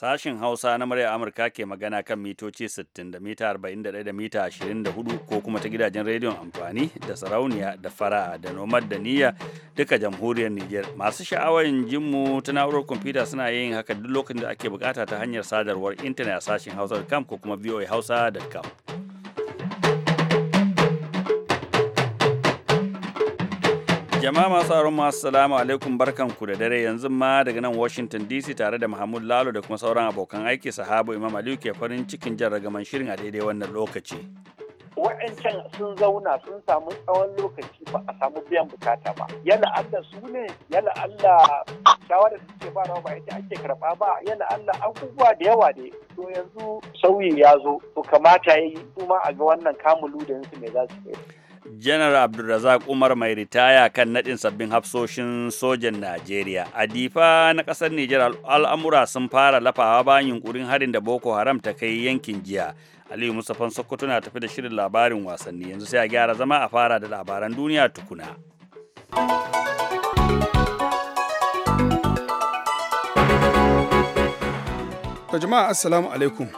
Sashin Hausa na murya Amurka ke magana kan mitoci 60 da mita 41 da mita 24 ko kuma ta gidajen rediyon amfani da sarauniya da fara'a da nomad da niyya duka jamhuriyar Nijar. Masu sha'awar jin mu ta na'urar kwamfuta suna yin haka duk lokacin da ake bukata ta hanyar sadarwar intanet a sashin hausa.com ko kuma voahausa.com. Jama'a masu aron masu salamu alaikum barkan ku da dare yanzu ma daga nan Washington DC tare da Mahmud Lalo da kuma sauran abokan aiki sahabu Imam Aliyu ke farin cikin jan ragaman shirin a daidai wannan lokaci. Waɗancan sun zauna sun samu tsawon lokaci ba a samu biyan bukata ba. Yana Allah su ne, yana Allah shawarar da suke ba ba ita ake karɓa ba, yana Allah abubuwa da yawa ne. To yanzu sauyi ya zo, to kamata ya yi kuma a ga wannan kamulu da yansu me za su yi. janar abdulrazak umar mai ritaya kan naɗin sabbin hafsoshin sojan najeriya a difa na ƙasar nijar al'amura sun fara lafawa bayan yunkurin harin da boko haram ta kai yankin jiya aliyu musafan sokoto na tafi da shirin labarin wasanni yanzu sai a gyara zama a fara da labaran duniya tukuna jama'a assalamu alaikum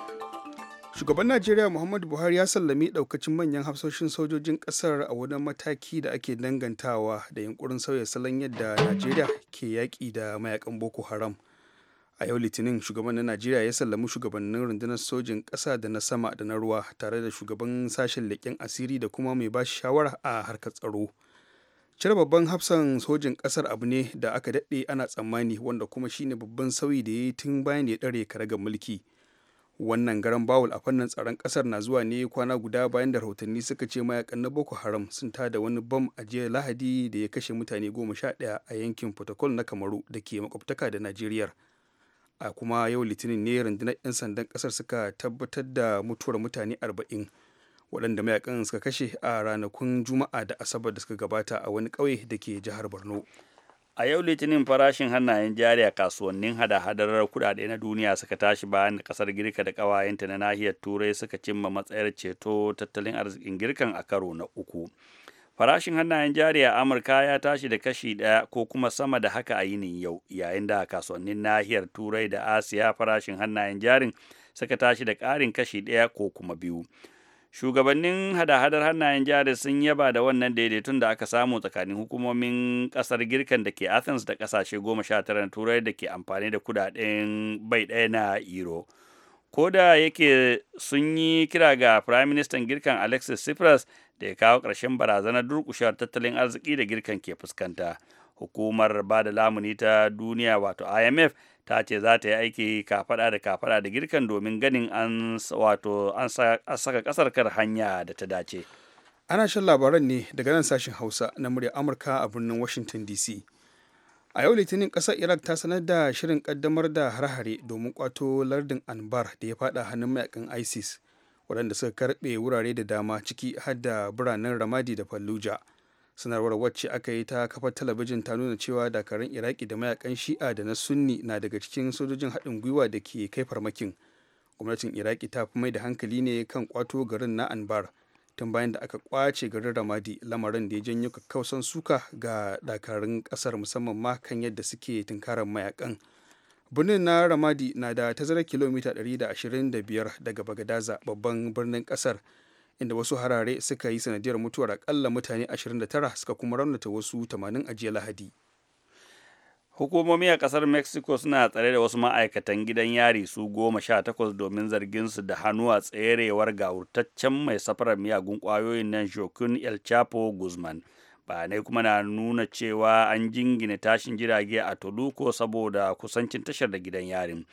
shugaban najeriya muhammadu buhari ya sallami daukacin manyan hafsoshin sojojin kasar a wani mataki da ake dangantawa da yunkurin sauya salon yadda najeriya ke yaƙi da mayakan boko haram a yau litinin shugaban na najeriya ya sallami shugabannin rundunar sojin ƙasa da na sama da na ruwa tare da shugaban sashen leƙen asiri da kuma mai ba shawara a harkar tsaro cire babban hafsan sojin ƙasar abu ne da aka daɗe ana tsammani wanda kuma shine babban sauyi da ya yi tun bayan da ya ɗare karagar mulki wannan garan bawul a fannin tsaron kasar na zuwa ne kwana guda bayan da rahotanni suka ce mayakan na boko haram sun ta da wani bam a jiya lahadi da ya kashe mutane goma sha ɗaya a yankin protocol na kamaru da ke makwabtaka da najeriya a kuma yau litinin ne rundunar 'yan sandan kasar suka tabbatar da mutuwar mutane arba'in waɗanda mayakan suka kashe a ranakun juma'a da asabar da suka gabata a wani ƙauye da ke jihar borno a yau litinin farashin hannayen jari a kasuwannin hada hadarar kudade na duniya suka tashi bayan da kasar girka da kawayenta na nahiyar turai suka cimma matsayar ceto tattalin arzikin girkan a karo na uku farashin hannayen jari a amurka ya tashi da kashi ɗaya ko kuma sama da haka a yinin yau yayin da a kasuwannin nahiyar turai da asiya farashin hannayen jarin suka tashi da karin kashi ɗaya ko kuma biyu shugabannin hada-hadar hannayen jari sun yaba da wannan daidaitun da aka samu tsakanin hukumomin kasar girkan da ke athens da kasashe goma sha tara na turai da ke amfani da kudaden bai ɗaya na euro ko da yake sun yi kira ga prime minister girkan alexis tsipras da ya kawo ƙarshen barazanar durƙushewar tattalin arziki da girkan ke fuskanta hukumar ba da lamuni ta duniya wato imf ta ce za ta yi aiki kafada da kafada da girkan domin ganin an wato an saka kasar kar hanya da ta dace ana shan labaran ne daga nan sashen hausa na murya amurka a birnin washington dc a yau litinin kasar iraq ta sanar da shirin kaddamar da harhare domin kwato lardin anbar da ya fada hannun mayakan isis waɗanda suka karɓe wurare da dama ciki har da biranen ramadi da fallujah sanarwar wacce aka yi ta kafar talabijin ta nuna cewa dakarun iraki da mayakan shi'a da na sunni na daga cikin sojojin haɗin gwiwa da ke kai farmakin gwamnatin iraki ta fi mai da hankali ne kan kwato garin na anbar tun bayan da aka kwace garin ramadi lamarin da ya janyo kakkausan suka ga dakarun kasar musamman ma kan yadda suke tunkarar mayakan birnin na ramadi na da tazarar kilomita 125 daga bagadaza babban birnin kasar inda wasu harare suka yi sanadiyar mutuwar akalla mutane 29 suka kuma raunata wasu 80 a jiya lahadi hukumomi a kasar mexico suna tsare da wasu ma'aikatan gidan yari su goma sha takwas domin zargin su da hannu a tserewar gawurtaccen mai safarar miyagun kwayoyin nan joaquin el chapo guzman bayanai kuma na nuna cewa an jingina tashin jirage a toluco saboda kusancin tashar da gidan yarin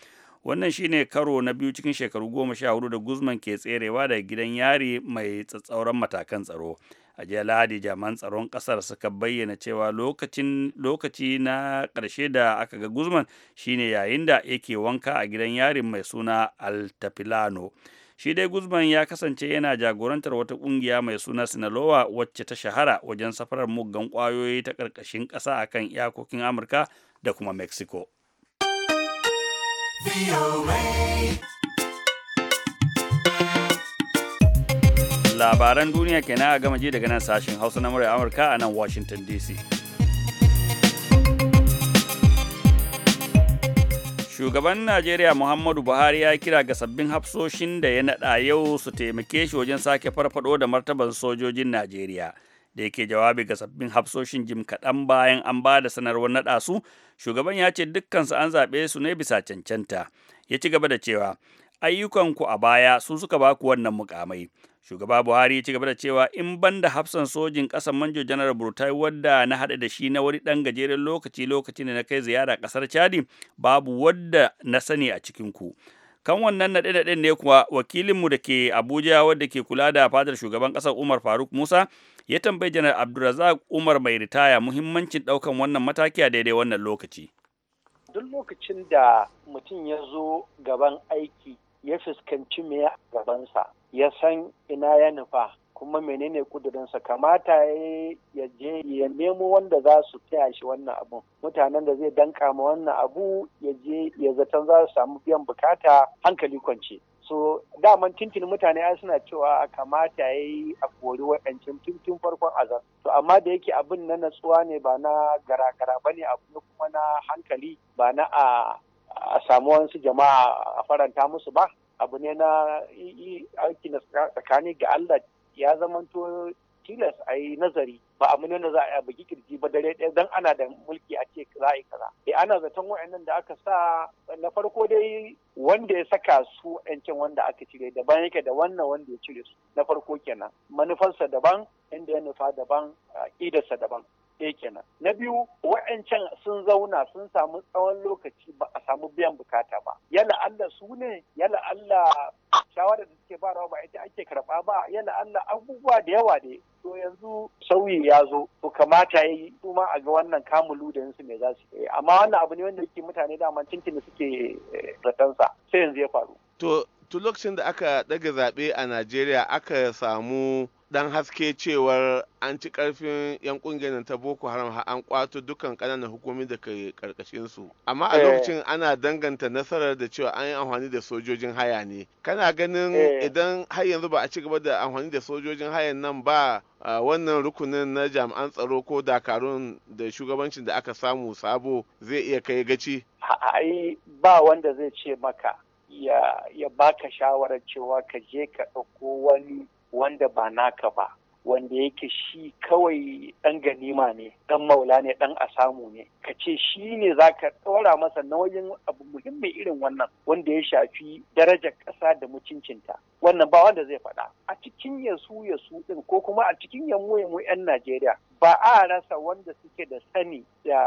wannan shine karo na biyu cikin shekaru goma sha hudu da guzman ke tserewa daga gidan yari mai tsatsauran matakan tsaro a jiya lahadi jaman tsaron kasar suka bayyana cewa lokaci na ƙarshe da aka ga guzman shine yayin da yake wanka a gidan yari mai suna altafilano shi dai guzman ya kasance yana jagorantar wata kungiya mai suna sinalowa wacce ta shahara wajen safarar muggan kwayoyi ta ƙarƙashin ƙasa akan iyakokin amurka da kuma mexico Labaran duniya kenan a gama ji daga nan sashen Hausa na murya Amurka a nan Washington DC. Shugaban Najeriya Muhammadu Buhari ya kira ga sabbin hafsoshin da ya naɗa yau su taimake shi wajen sake farfado da martaban sojojin Najeriya. da yake jawabi ga sabbin hafsoshin jim kaɗan bayan an ba da sanarwar naɗa su shugaban ya ce dukkansu an zaɓe su ne bisa cancanta ya ci gaba da cewa ayyukanku a baya su suka baku wannan mukamai shugaba buhari ya ci gaba da cewa in ban da hafsan sojin ƙasar manjo janar burtai wadda na haɗa da shi na wani dan gajeren lokaci lokaci da na kai ziyara ƙasar chadi babu wadda na sani a cikin ku kan wannan naɗe naɗe ne kuwa wakilinmu da ke abuja wadda ke kula da fadar shugaban ƙasar umar faruk musa ya tambayi janar abdulrazak umar mai ritaya muhimmancin ɗaukan wannan mataki a daidai wannan lokaci duk lokacin da mutum ya zo gaban aiki ya fuskanci me a gabansa ya san ina ya nufa kuma menene kudurinsa kamata ya je ya nemo wanda za su taya shi wannan abu mutanen da zai danka ma wannan abu ya je ya zaton za su samu biyan bukata hankali kwance so daman tintin mutane ai suna cewa kamata ya yi a kori waɗancan tintin farkon azar to amma da yake abin na natsuwa ne ba na gara-gara ba ne abu ne kuma na hankali ba na a samu wasu jama'a a faranta musu ba abu ne na aiki na tsakani ga Allah ya zamanto tilas a yi nazari ba a muni wanda za a bugi kirji ba dare ɗaya don ana da mulki a ce za a yi kaza eh ana zaton wa'annan da aka sa na farko dai wanda ya saka su yancin wanda aka cire daban yake da wannan wanda ya cire su na farko kenan manufarsa daban inda ya nufa daban ƙidarsa daban ɗaya eh, kenan na biyu wa'ancan sun zauna sun samu tsawon lokaci ba a samu biyan bukata ba yala Allah su ne yala Allah shawara da suke ba ba ita ake karɓa ba yana Allah abubuwa da yawa ne to yanzu sauyi ya zo to kamata ya yi kuma a ga wannan kamulu da yansu me za su yi amma wannan abu ne wanda yake mutane daman da suke ratansa eh, sai yanzu ya faru. To tun lokacin da aka ɗaga zaɓe a Najeriya aka samu dan haske cewar an ci karfin yan kungiyar ta boko haram an kwato dukkan kananan hukumomi da ke karkashin su amma a eh. lokacin ana danganta nasarar da cewa an yi amfani da sojojin haya ne kana ganin eh. idan har yanzu ba a ci gaba da amfani da sojojin hayan nan ba wannan rukunin na jami'an tsaro ko dakarun da shugabancin da aka samu sabo zai iya kai gaci ai ba wanda zai ce maka ya baka shawarar cewa ka je ka ɗauko wani wanda ba naka ba wanda yake shi kawai ɗan ganima ne ɗan maula ne ɗan asamu ne ka ce shi ne za ka ɗora masa nauyin abu muhimmi irin wannan wanda ya shafi darajar ƙasa da mutuncinta wannan ba wanda zai faɗa a cikin yasu yasu ɗin ko kuma a cikin yamu yamu 'yan najeriya ba a rasa wanda suke da sani da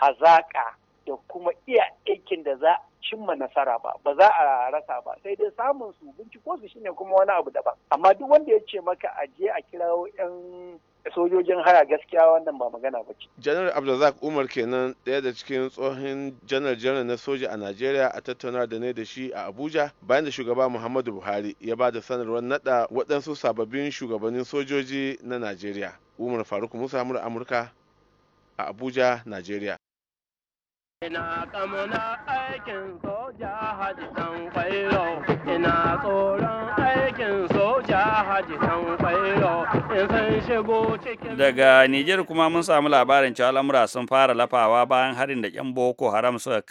hazaƙa da kuma iya aikin da za cimma nasara ba ba za a rasa ba sai dai samun su binciko su shine kuma wani abu daban amma duk wanda ya ce maka a je a kirawo yan sojojin haya gaskiya wannan ba magana ba ce. janar abdulrazak umar kenan ɗaya da cikin tsohon janar janar na soja a najeriya a tattauna da ne da shi a abuja bayan da shugaba muhammadu buhari ya ba da sanarwar naɗa waɗansu sababbin shugabannin sojoji na najeriya umar faruk musa amurka a abuja najeriya Ina kamuna aikin soja haji dan kwairo, ina tsoron aikin soja haji dan kwairo, in san shigo cikin... Daga Nijar kuma mun samu labarin cewa lamura sun fara lafawa bayan harin da yan Boko Haram suka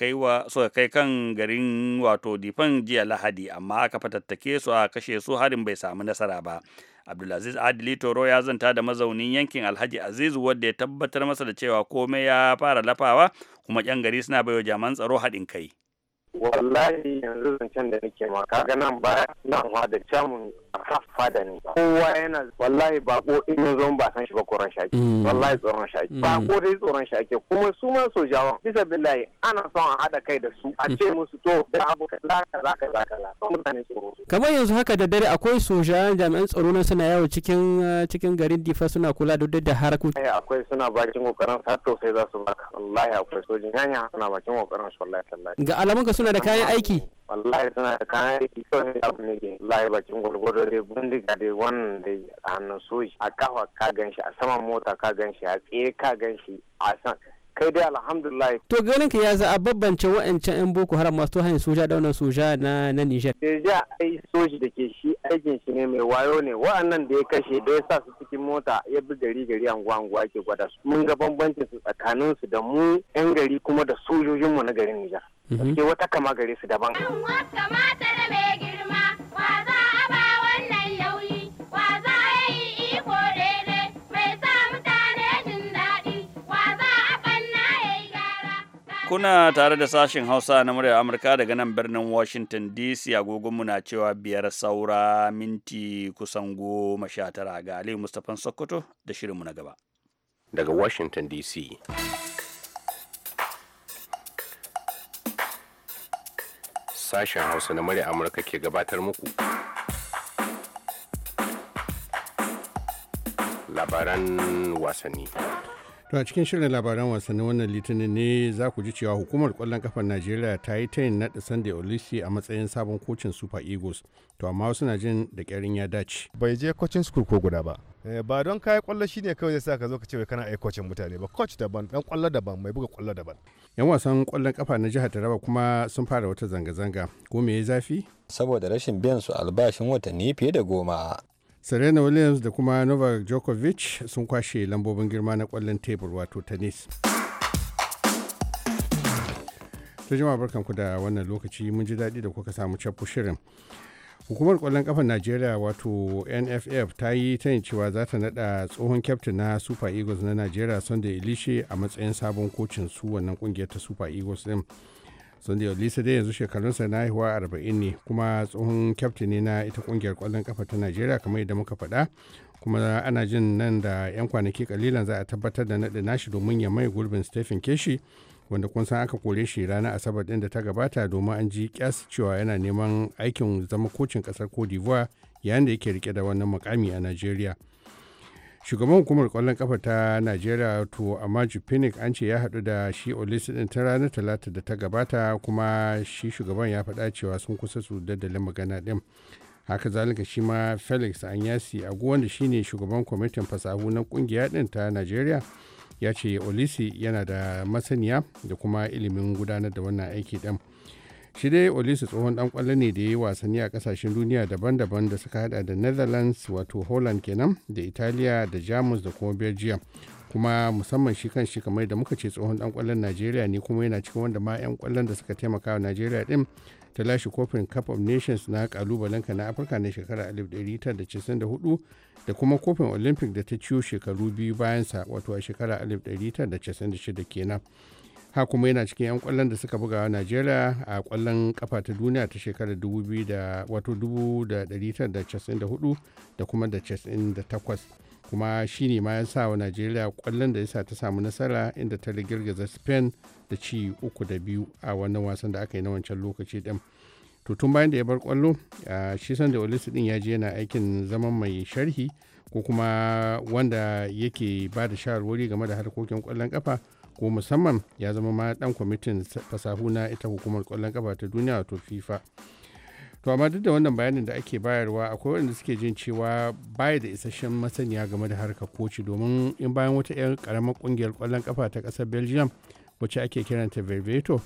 suka kai kan garin wato Difan jiya Lahadi, amma aka fatattake su a kashe su harin bai samu nasara ba. abdulaziz adili toro ya zanta da mazaunin yankin alhaji azizu wadda ya tabbatar masa da cewa komai ya fara lafawa kuma yan gari suna baiwa jaman tsaro haɗin kai wallahi yanzu zancen da nake ma kaga nan ba nan da camun fada ne kowa yana wallahi bako in ya zo ba san shi ba koran shaki mm. wallahi tsoron shaki mm. bako dai tsoron shaki kuma su ma so sojawan bisa billahi ana son a hada kai da su a ce mm. musu to da abu ka ka za za ka za ka kaza mutane tsoro kamar yanzu haka da dare akwai sojawan jami'an tsaro na suna yawo cikin uh, cikin garin difa suna kula da duk da harkoki eh, akwai suna bakin kokarin har to sai za su baka wallahi akwai sojin yanya suna bakin kokarin su wallahi tallahi ga ka suna da kayan aiki wallahi suna da kayan aiki kawai ne abu ne ke layi bakin gwargwado dai bindiga dai wannan dai a hannun soji a kafa ka ganshi a saman mota ka ganshi a tsaye ka ganshi a san kai dai alhamdulillah to ganin ka ya za a babbance wa'ancan yan boko haram masu hanyar soja da wannan soja na na Niger soja ai soji da ke shi aikin shi ne mai wayo ne wa'annan da ya kashe da ya sa su cikin mota ya bi gari gari anguwa anguwa ake gwada su mun ga bambancin su tsakanin su da mu yan gari kuma da sojojin mu na garin Nijar. Mm-hmm. Ke wata kama gare su daban. girma, a ba wannan yauyi, iko daidai, mai sa mutane daɗi, a gyara. Kuna tare da sashen Hausa na muryar Amurka daga nan birnin Washington DC agogonmu na cewa biyar saura minti kusan goma sha tara ga Aliyu Mustapha Sokoto da shirinmu na gaba. Daga Washington DC. sashen hausa na murya amurka ke gabatar muku labaran wasanni To a cikin shirin labaran wasannin wannan litinin ne za ku ji cewa hukumar kwallon kafar Najeriya ta yi tayin naɗa Sunday olisi a matsayin sabon kocin Super Eagles. To amma wasu na jin da ƙyarin ya dace. Bai je kocin school ko guda ba. Eh, ba don kayi kwallo shine kawai zai sa ka zo ka ce kana ai kocin mutane ba coach daban dan kwallo daban mai buga kwallo daban. Yan wasan kwallon kafa na jihar Taraba kuma sun fara wata zanga-zanga. Ko me ya zafi? Saboda rashin biyan su albashin watanni fiye da goma. serena williams da kuma novak djokovic sun kwashe lambobin girma na kwallon tebur wato tennis ta jima barkanku da wannan lokaci mun ji daɗi da kuka samu cafu shirin hukumar kwallon kafa najeriya wato nff ta yi ta cewa za ta nada tsohon kyaftin na super eagles na najeriya sunday ilishe a matsayin sabon kocin su wannan kungiyar ta super eagles din sunday olise dai yanzu shekarunsa na haihuwa arba'in ne kuma tsohon kyaftin ne na ita kungiyar kwallon kafa ta najeriya kamar yadda muka faɗa kuma ana jin nan da 'yan kwanaki kalilan za a tabbatar da naɗe nashi domin ya mai gurbin stephen keshi wanda kun san aka kore shi ranar asabar din da ta gabata domin an ji kyas cewa yana neman aikin zama kocin kasar cote d'ivoire yayin da yake rike da wannan mukami a najeriya shugaban hukumar kwallon kafa ta najeriya to amaju phoenix an ce ya haɗu da shi olisi din ta ranar talata da ta gabata kuma shi shugaban ya faɗa cewa sun kusa su daddalin magana ɗin haka zalika shi ma felix anyasi agu wanda shine shugaban kwamitin fasahu na kungiya ɗin ta najeriya ya ce olisi yana da masaniya da kuma ilimin gudanar da wannan aiki ɗin. shi dai olisu tsohon dan kwallo ne da ya yi wasanni a kasashen duniya daban-daban da suka hada da netherlands wato holland kenan da italiya da jamus da kuma belgium kuma musamman shi kan shi kamar da muka ce tsohon dan kwallon najeriya ne kuma yana cikin wanda ma yan kwallon da suka taimaka wa najeriya din ta lashe kofin cup of nations na kalubalen ka na afirka na shekara 1994 da kuma kofin olympic da ta ciyo shekaru biyu bayansa wato a shekara 1996 kenan ha kuma yana cikin 'yan kwallon da suka buga a najeriya a kwallon kafa ta duniya ta shekarar 1994 da kuma da 98 kuma shi ne ma ya sa wa najeriya kwallon da ya ta samu nasara inda ta girgiza spain da ci uku da biyu a wannan wasan da aka yi na wancan lokaci din to tun bayan da ya bar kwallo shi san da olisi din ya je yana aikin zaman mai sharhi ko kuma wanda yake ba da shawarwari game da harkokin kwallon kafa ko musamman ya zama ma dan kwamitin fasahu na ita hukumar kwallon kafa ta duniya wato fifa to amma duk da wannan bayanin da ake bayarwa akwai wanda suke jin cewa baya da isasshen masaniya game da harkar koci domin in bayan wata 'yan karamar kungiyar kwallon kafa ta kasar belgium wacce ake kiranta verveto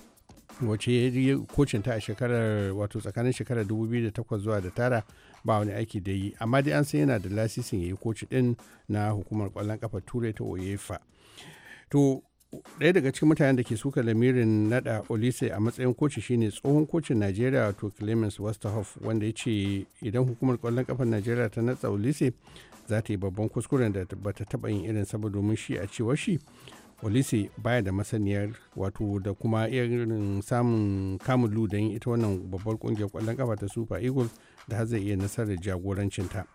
wacce ya yi kocin ta a shekarar wato tsakanin shekarar 2008 zuwa da tara ba wani aiki da yi amma dai an san yana da lasisin ya yi koci din na hukumar kwallon kafa turai ta oyefa to ɗaya daga cikin mutanen da ke suka lamirin nada olise a matsayin koci shine tsohon kocin najeriya wato clemens westerhoff wanda ya ce idan hukumar kwallon kafar najeriya ta natsa olise za ta yi babban kuskuren da ba ta taba yin irin saboda domin shi a cewar shi olise baya da masaniyar wato da kuma irin samun kamun ludayin ita wannan babbar kungiyar kwallon kafa ta super eagles da har zai iya nasarar jagorancinta.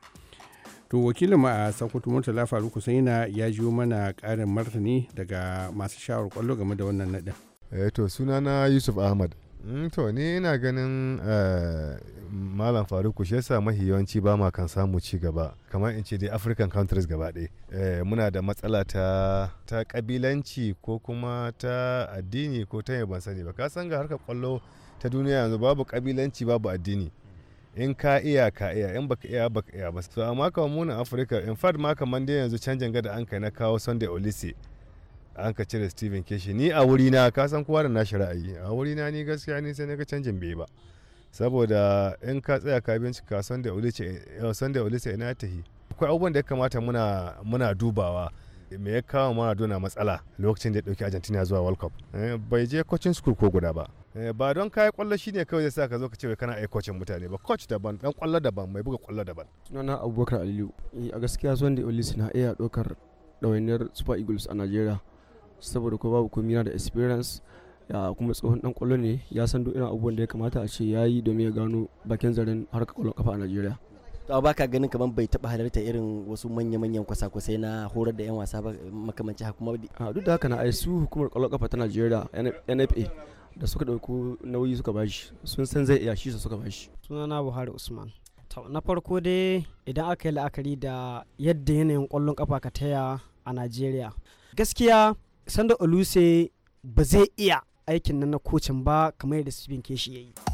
to wakilinmu a sakoto murtala faruk saina ya jiyo mana karin martani daga masu shawar kwallo game da wannan nadin. eh to na yusuf ahmad mm, to ni ina ganin eh, malam faruk shi yasa mahi yawanci ba ma kan samu ci gaba kamar in ce dai african countries gaba ɗaya eh, muna da matsala ta ta kabilanci ko kuma ta addini ko ta yaban sani ba ka san ga harkar kwallo ta duniya yanzu babu kabilanci babu addini in ka iya ka iya in baka iya baka iya ba so amma kawai munin afirka in fact ma kamar dai yanzu canjin gada an kai na kawo sunday olise an ka cire steven keshi ni a wuri na ka san kowa da nashi ra'ayi a wuri na ni gaskiya ni sai na ga canjin bai ba saboda in ka tsaya ka ka sunday olise eh, sunday olise ina tahi akwai abubuwan da ya kamata muna muna dubawa me ya kawo maradona matsala lokacin da ya dauki argentina zuwa world cup eh, bai je coaching school ko guda ba Eh, ba don kayi kwallo shine kawai zai sa ka zo ka ce wai kana aikocin mutane ba coach daban dan kwallo daban mai buga kwallo daban sunana abubakar aliyu eh, a gaskiya son da olisi na iya dokar dawainiyar super eagles a nigeria saboda ko babu komai da experience ya kuma tsohon dan kwallo ne ya san duk irin abubuwan da ya kamata a ce ya yi domin ya gano bakin zaren harka kwallon kafa a nigeria to ba ka ganin kamar bai taɓa halarta irin wasu manya-manyan kwasa-kwasai na horar da 'yan wasa ba makamanci haka kuma duk da haka na ai su hukumar ƙwallon kafa ta Najeriya NFA da suka ɗauko nauyi suka bashi sun san zai iya shi su suka bashi sunana Buhari Usman na farko dai idan aka yi la'akari da yadda yanayin ƙwallon kafa ka taya a Najeriya gaskiya Sanda Oluse ba zai iya aikin nan na kocin ba kamar yadda Stephen Keshi ya yi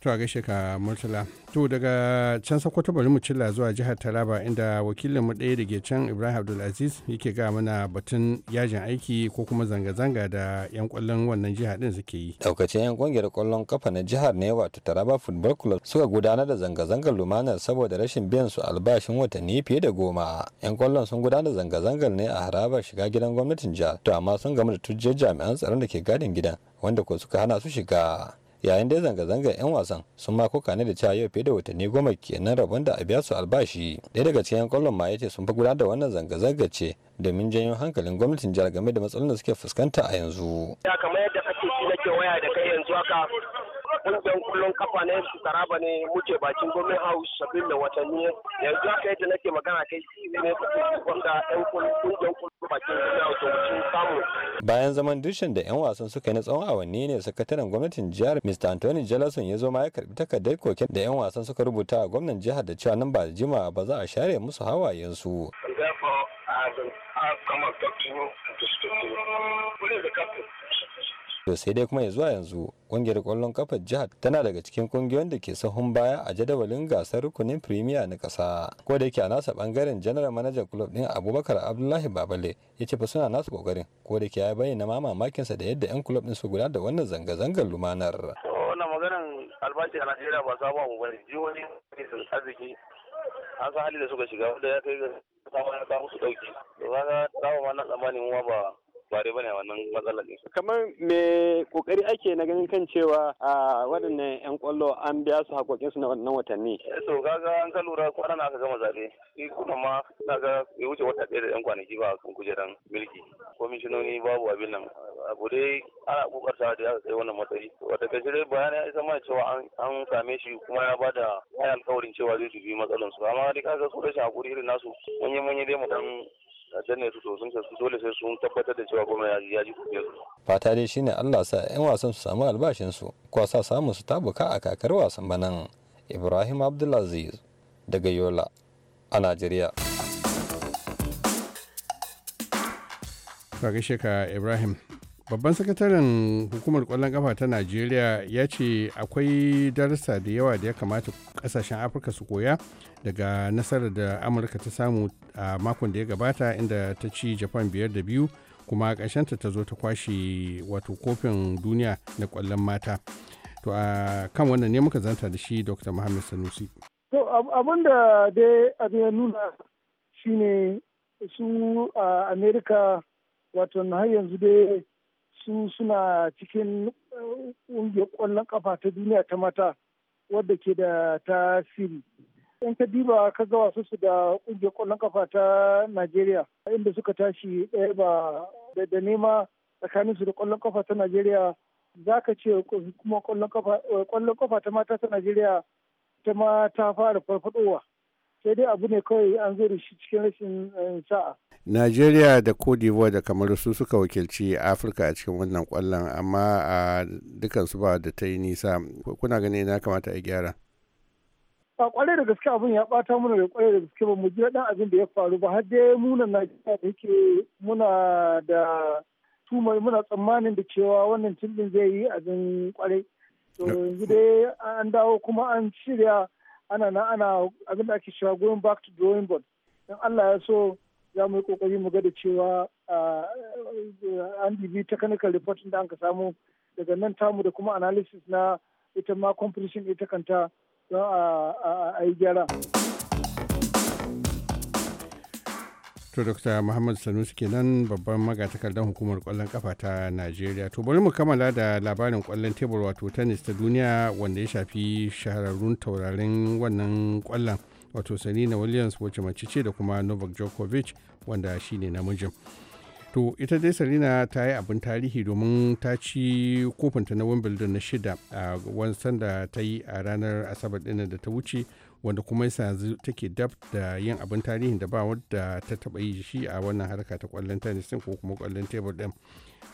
to a gaishe ka murtala to daga can sokoto bari mu cilla zuwa jihar taraba inda wakilin mu ɗaya dake can ibrahim abdulaziz yake ga mana batun yajin aiki ko kuma zanga-zanga da yan kwallon wannan jihar din suke yi daukacin yan kungiyar kwallon kafa na jihar ne wato taraba football club suka gudanar da zanga-zangar lumanar saboda rashin biyan su albashin watanni fiye da goma yan kwallon sun gudanar zanga-zangar ne a harabar shiga gidan gwamnatin jihar to amma sun gamu da tujjiyar jami'an tsaron da ke gadin gidan wanda ko suka hana su shiga yayin dai zanga-zangar 'yan wasan sun ma kuka ne da cewa yau fiye da watanni goma kenan rabon da a biya su albashi ɗaya daga cikin kwallon ma yace sun fi gudanar da wannan zanga-zanga ce domin janyo hankalin gwamnatin jihar game da matsalolin da suke fuskanta a yanzu. ya kamar yadda kake ci nake waya da kai yanzu haka kungiyar kullum kafa na yanzu taraba ne muke bakin gomin house sabbin da watanni yanzu haka yadda nake magana kai ne wanda yan kungiyar Bayan zaman dushen da 'yan wasan suka yi na tsawon awanni ne sakataren gwamnatin jihar Mr. Anthony Jalason ya zo ma ya karbi takardar koken da 'yan wasan suka rubuta a gwamnan jihar da cewa nan ba da jima ba za a share musu hawayensu. to sai dai kuma ya zuwa yanzu ƙungiyar kwallon kafar jihar tana daga cikin kungiyoyin da ke sahun baya a jadawalin gasar rukunin premier na kasa. ko da yake a nasa bangaren general manager club din abubakar abdullahi babale ya ce fa suna nasu kokarin ko da yake ya bayyana ma sa da yadda 'yan club din su guda da wannan zanga-zangar lumanar. wannan maganan albashi a najeriya ba sabon abu bane arziki an san hali da suka shiga wanda ya kai ga samun ya kawo su ba to kaga dama ma na tsammanin ba ba dai bane wannan matsalar ne kamar me kokari ake na ganin kan cewa a waɗannan yan kwallo an biya su hakokin su na wannan watanni so eh, kaga an ka lura kwana na aka gama zabe shi kuma ma kaga ya wuce wata ɗaya da yan kwanaki ba sun kujeran milki komishinoni babu abin nan abu dai ana kokarta da aka kai wannan matsayi wata kashi dai bayani ya isa mana cewa an same shi kuma ya bada ya alkawarin cewa zai dubi su amma dai kaga su rashin hakuri irin nasu manya-manya dai mu dan ne su to sun su dole sai sun tabbatar da cewa goma ya ji kuɗin su. Fata dai shine Allah sa 'yan wasan su samu albashin su kuwa sa samun su tabuka a kakar wasan banan. Ibrahim Abdulaziz daga Yola a Najeriya. Ka ka Ibrahim babban sakataren hukumar kwallon kafa ta najeriya ya ce akwai darasa da yawa da ya kamata kasashen afirka su koya daga nasarar da amurka ta samu a makon da ya gabata inda ta ci japan biyar da biyu kuma ƙarshenta ta zo ta kwashe wato kofin duniya na kwallon mata to a kan wannan ne muka zanta da shi dr muhammad sanusi to abinda da dai ya nuna shine su a amerika wato har yanzu dai su suna cikin eh, ƙungiyar ƙwallon ƙafa ta duniya ta mata wadda ke da tasiri. In ka diba ka ga wasu su da ƙungiyar ƙwallon ƙafa ta Najeriya inda suka tashi ɗaya ba da nema tsakanin su da ƙwallon ƙafa ta Najeriya za ka ce kuma eh, ƙwallon ƙafa ta mata ta Najeriya ta ma ta fara farfadowa. Sai dai abu ne kawai an zo da shi cikin rashin eh, sa'a. Najeriya da Cote d'Ivoire da kamar su suka wakilci Afirka a cikin wannan kwallon amma a dukansu ba da ta yi nisa kuna gani na kamata a gyara. a kwarai da gaske abin ya bata muna da kwarai da gaske ba mu ji dan abin da ya faru ba har dai muna na da yake muna da tumar muna tsammanin da cewa wannan cin zai yi abin kwarai to yanzu dai an dawo kuma an shirya ana na ana abin da ake cewa going back to drawing board dan Allah ya so za mu yi kokari mu ga da cewa an dibi technical report da ka samu daga nan tamu da kuma analysis na ita ma competition ita kanta don a yi gyara. to dr muhammad sanusi kenan babban magatakardar hukumar kwallon kafa ta najeriya to bari mu kammala da labarin kwallon tebur wato tennis ta duniya wanda ya shafi shahararrun taurarin wannan kwallon wato sanina Williams wacce mace ce da kuma Novak Djokovic wanda shine namijin. To ita dai sanina ta yi abin tarihi domin ta ci kofinta na Wimbledon na shida a wasan da ta yi a ranar Asabar ɗinnan da ta wuce wanda kuma yasa yanzu take dab da yin abin tarihin da ba wadda ta taba yi shi a wannan harka ta kwallon tennis ko kuma kwallon tebur din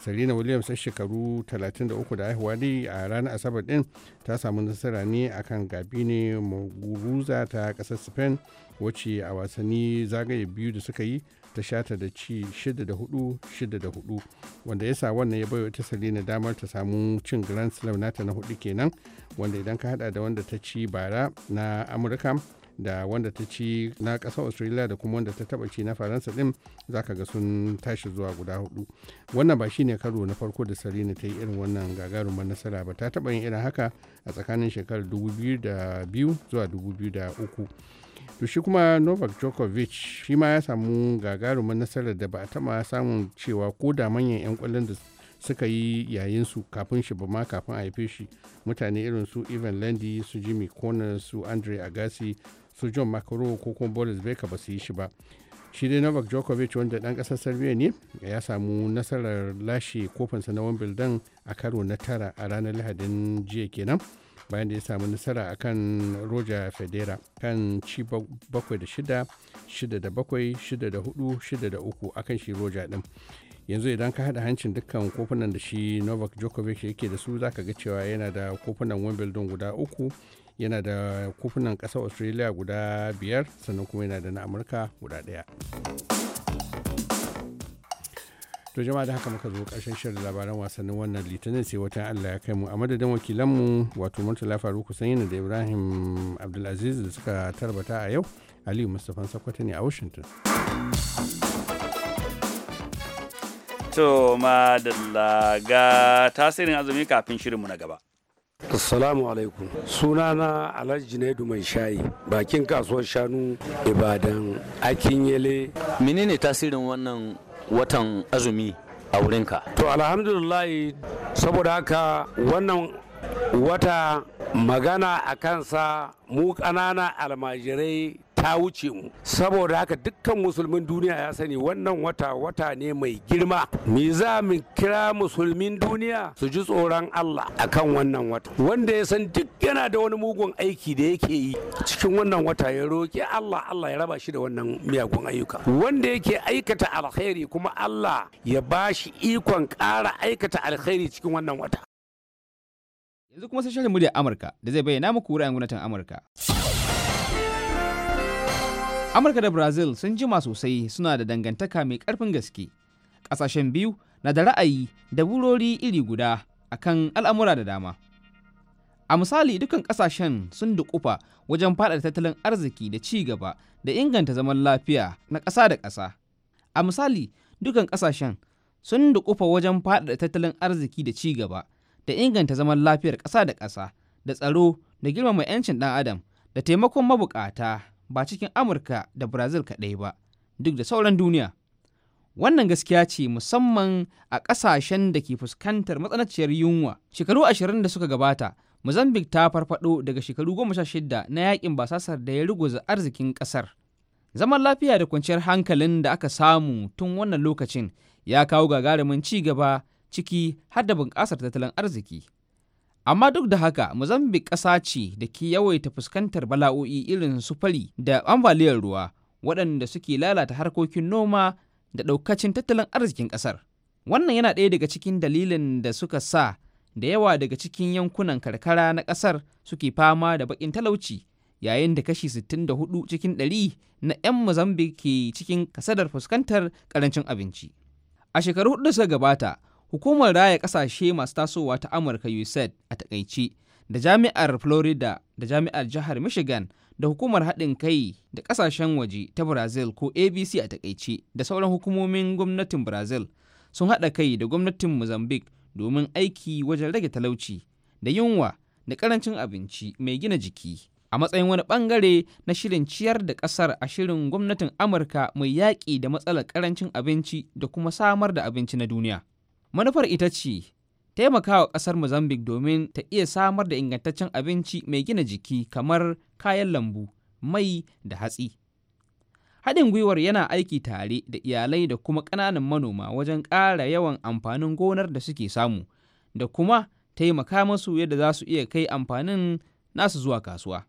serena williams sai shekaru 33 da haihuwa ne a ranar asabar din ta samu nasara ne akan gabine muguruza ta kasar spain wacce a wasanni zagaye biyu da suka yi ta shata da ci 6 da 4 6 da 4 wanda ya sa wannan ya baiwa ta salina damar ta samu cin grand slam nata na hudu kenan wanda idan ka hada da wanda ta ci bara na amurka da wanda ta ci na ƙasar australia da kuma wanda ta taba ci na faransa din zaka ga sun tashi zuwa guda hudu wannan ba shine karo na farko da sarina ta yi irin wannan gagarumar nasara ba ta taba yin irin haka a tsakanin shekarar 2002 zuwa 2003 to shi kuma novak djokovic shi ma ya samu gagarumin nasarar da ba a taba samun cewa ko da manyan 'yan kwallon da suka yi yayin su kafin shi ba ma kafin a haife shi mutane irin su ivan landy su jimmy connor su andre agassi su john mcenroe ko kuma boris becker ba su yi shi ba shi dai novak djokovic wanda dan kasar serbia ne ya samu nasarar lashe kofinsa na wimbledon a karo na tara a ranar lahadin jiya kenan bayan da ya samu nasara akan roger federa kan ci bakwai da shida shida da bakwai shida da hudu shida da uku akan shi roger din yanzu idan ka hada hancin dukkan kofunan da shi novak djokovic yake da su zaka ga cewa yana da kofunan wimbledon guda uku yana da kofunan ƙasar australia guda biyar sannan kuma yana da na amurka guda daya. to jama'a da haka muka zo karshen shirin labaran wasannin wannan litinin sai wata allah ya kai mu a madadin wakilanmu wato murtala faruku sanyi da ibrahim abdulaziz da suka tarbata a yau aliyu mustapha sakwata ne a washington to madalla ga tasirin azumi kafin shirinmu na gaba Assalamu alaikum. Sunana Alhaji Naidu Mai Shayi, bakin kasuwar shanu Ibadan, Akinyele. Menene tasirin wannan watan azumi a wurinka to alhamdulillah saboda haka wannan wata magana a kansa mu ƙanana almajirai ta wuce mu saboda haka dukkan musulmin duniya ya sani wannan wata wata ne mai girma mi za mu kira musulmin duniya su ji tsoron Allah akan wannan wata wanda ya san duk yana da wani mugun aiki da yake yi cikin wannan wata ya roki Allah Allah ya raba shi da wannan miyagun ayyuka wanda yake aikata alkhairi kuma Allah ya bashi ikon ƙara aikata alkhairi cikin wannan wata yanzu kuma sai shirin murya Amurka da zai bayyana muku wuraren gwamnatin Amurka amurka da brazil sun jima sosai suna da dangantaka mai karfin gaske ƙasashen biyu na da ra'ayi da wurori iri guda akan al'amura da dama a misali dukan ƙasashen sun dukufa wajen faɗaɗa tattalin arziki da ci gaba da inganta zaman lafiya na ƙasa da ƙasa a misali dukan ƙasashen sun dukufa wajen faɗaɗa tattalin arziki da ci gaba da inganta zaman lafiyar ƙasa da ƙasa da tsaro da girmama 'yancin ɗan adam da taimakon mabukata ba cikin amurka da brazil kaɗai ba duk da sauran duniya wannan gaskiya ce musamman a ƙasashen da ke fuskantar matsananciyar yunwa shekaru ashirin da suka gabata mozambique ta farfaɗo daga shekaru goma sha shida na yakin basasar da ya ruguza arzikin ƙasar zaman lafiya da kwanciyar hankalin da aka samu tun wannan lokacin ya kawo gagarumin ci gaba ciki har da bunƙasar tattalin arziki amma duk da haka mozambique ƙasa ce da ke yawaita fuskantar bala'o'i irin su fari da ambaliyar ruwa waɗanda suke lalata harkokin noma da ɗaukacin tattalin arzikin ƙasar wannan yana ɗaya daga cikin dalilin da suka sa da yawa daga cikin yankunan karkara na ƙasar suke fama da baƙin talauci yayin da kashi 64 cikin ɗari na 'yan mozambique ke cikin kasadar fuskantar ƙarancin abinci a shekaru hudu da suka gabata Hukumar Raya kasashe Masu Tasowa ta Amurka USAID a takaice da Jami'ar Florida da Jami'ar Jihar Michigan da Hukumar Haɗin Kai da Ƙasashen Waje ta Brazil ko ABC a takaice da sauran hukumomin gwamnatin Brazil sun haɗa kai da gwamnatin Mozambique domin aiki wajen rage talauci da yunwa da ƙarancin abinci mai gina jiki. a matsayin wani bangare na shirin ciyar da ƙasar a shirin gwamnatin amurka mai yaƙi da matsalar ƙarancin abinci da kuma samar da abinci na duniya manufar ita ce taimakawa kasar mozambique domin ta iya samar da ingantaccen abinci mai gina jiki kamar kayan lambu mai da hatsi haɗin gwiwar yana aiki tare da iyalai da kuma ƙananan manoma wajen ƙara yawan amfanin gonar da suke samu da kuma taimaka masu yadda za su iya kai amfanin nasu zuwa kasuwa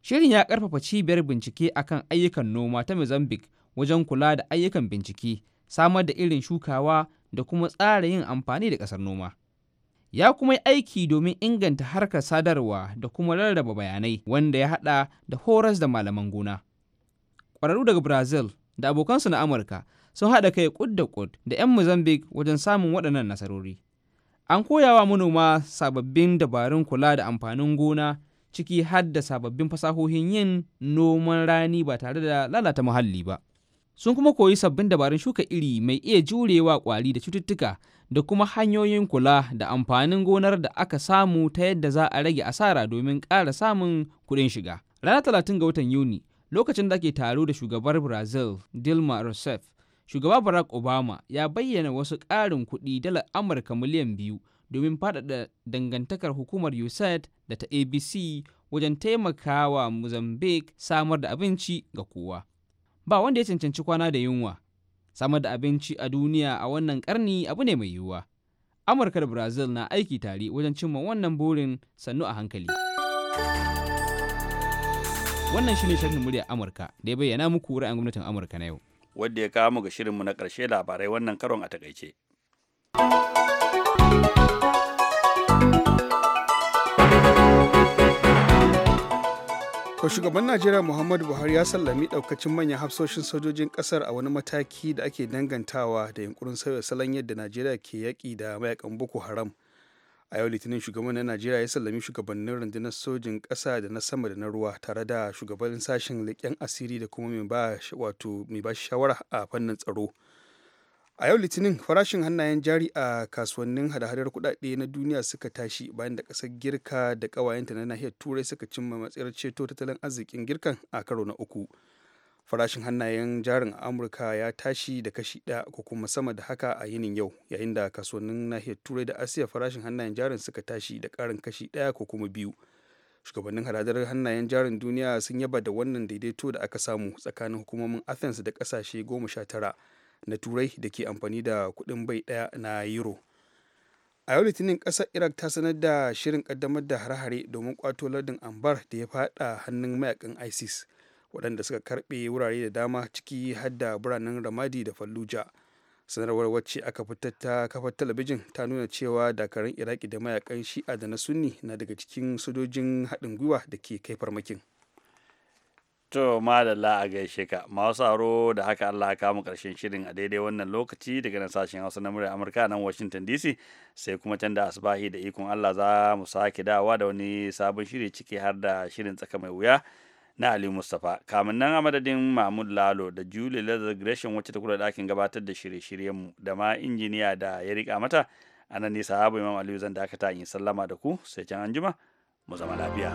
shirin ya ƙarfafa cibiyar bincike akan ayyukan noma ta mozambique wajen kula da ayyukan bincike samar da irin shukawa da kuma tsara yin amfani da ƙasar noma. Ya kuma yi aiki domin inganta harkar sadarwa da kuma rarraba bayanai wanda ya haɗa da horas da malaman gona. Ƙwararru daga Brazil da abokansu na Amurka sun haɗa kai ƙud da ƙud da 'yan Mozambique wajen samun waɗannan nasarori. An koya wa manoma sababbin dabarun kula da amfanin gona ciki har da sababbin fasahohin yin noman rani ba tare da lalata muhalli ba. sun kuma koyi sabbin dabarun shuka iri mai iya jurewa kwari da cututtuka da kuma hanyoyin kula da amfanin gonar da aka samu ta yadda za a rage asara domin ƙara samun kuɗin shiga. Ranar talatin ga watan Yuni, lokacin da ake taro da shugabar Brazil Dilma Rousseff, shugaba Barack Obama ya bayyana wasu ƙarin kuɗi dala Amurka miliyan biyu domin faɗaɗa dangantakar hukumar USAID da ta ABC wajen taimakawa Mozambique samar da abinci ga kowa. ba wanda ya cancanci kwana da yunwa samar da abinci a duniya a wannan karni abu ne mai yiwuwa amurka da brazil na aiki tare wajen cimma wannan burin sannu a hankali wannan shine shirin muryar amurka da ya bayyana muku ra'ayin gwamnatin amurka na yau Wanda ya kawo mu ga shirinmu na ƙarshe labarai wannan karon a takaice To shugaban Najeriya Muhammadu Buhari ya sallami daukacin manyan hafsoshin sojojin kasar a wani mataki da ake dangantawa da yunkurin sauya salon yadda Najeriya ke yaƙi da mayakan Boko Haram. A yau Litinin shugaban na Najeriya ya sallami shugabannin rundunar sojin ƙasa da na sama da na ruwa tare da shugaban sashen leƙen asiri da kuma mai ba wato shawara a fannin tsaro. a yau litinin farashin hannayen jari a kasuwannin hada-hadar kudade na duniya suka tashi bayan da kasar girka da kawayenta na nahiyar turai suka cimma matsayar ceto tattalin arzikin girkan a karo na uku farashin hannayen jarin a amurka ya tashi da kashi ɗaya ko kuma sama da haka a yinin yau yayin da kasuwannin nahiyar turai da asiya farashin hannayen jarin suka tashi da karin kashi ɗaya ko kuma biyu shugabannin hadadar hannayen jarin duniya sun yaba da wannan daidaito da aka samu tsakanin hukumomin athens da kasashe goma sha tara na turai da ke amfani da kudin bai daya na euro a yau litinin ƙasar iraq ta sanar da shirin kaddamar da hare-hare domin kwato lardin ambar da ya fada hannun mayakan isis waɗanda suka karbe wurare da dama ciki har da biranen ramadi da fallujah sanarwar wacce aka fitar ta kafar talabijin ta nuna cewa dakarun iraki da mayakan shi'a da na sunni na daga cikin sojojin haɗin gwiwa da ke kai farmakin To madalla a gaishe ka masu tsaro da haka Allah ka kama karshen shirin a daidai wannan lokaci daga nan sashen Hausa na murya Amurka nan Washington DC sai kuma can da asbahi da ikon Allah za mu sake dawa da wani sabon shiri ciki har da shirin tsaka mai wuya na Ali Mustapha kamin nan a madadin Mahmud Lalo da Julie Lazar Gresham wacce ta kula da ɗakin gabatar da shirye-shiryen mu da ma injiniya da ya rika mata a nan ne sahabu Imam Aliyu zan dakata in sallama da ku sai can anjima mu zama lafiya.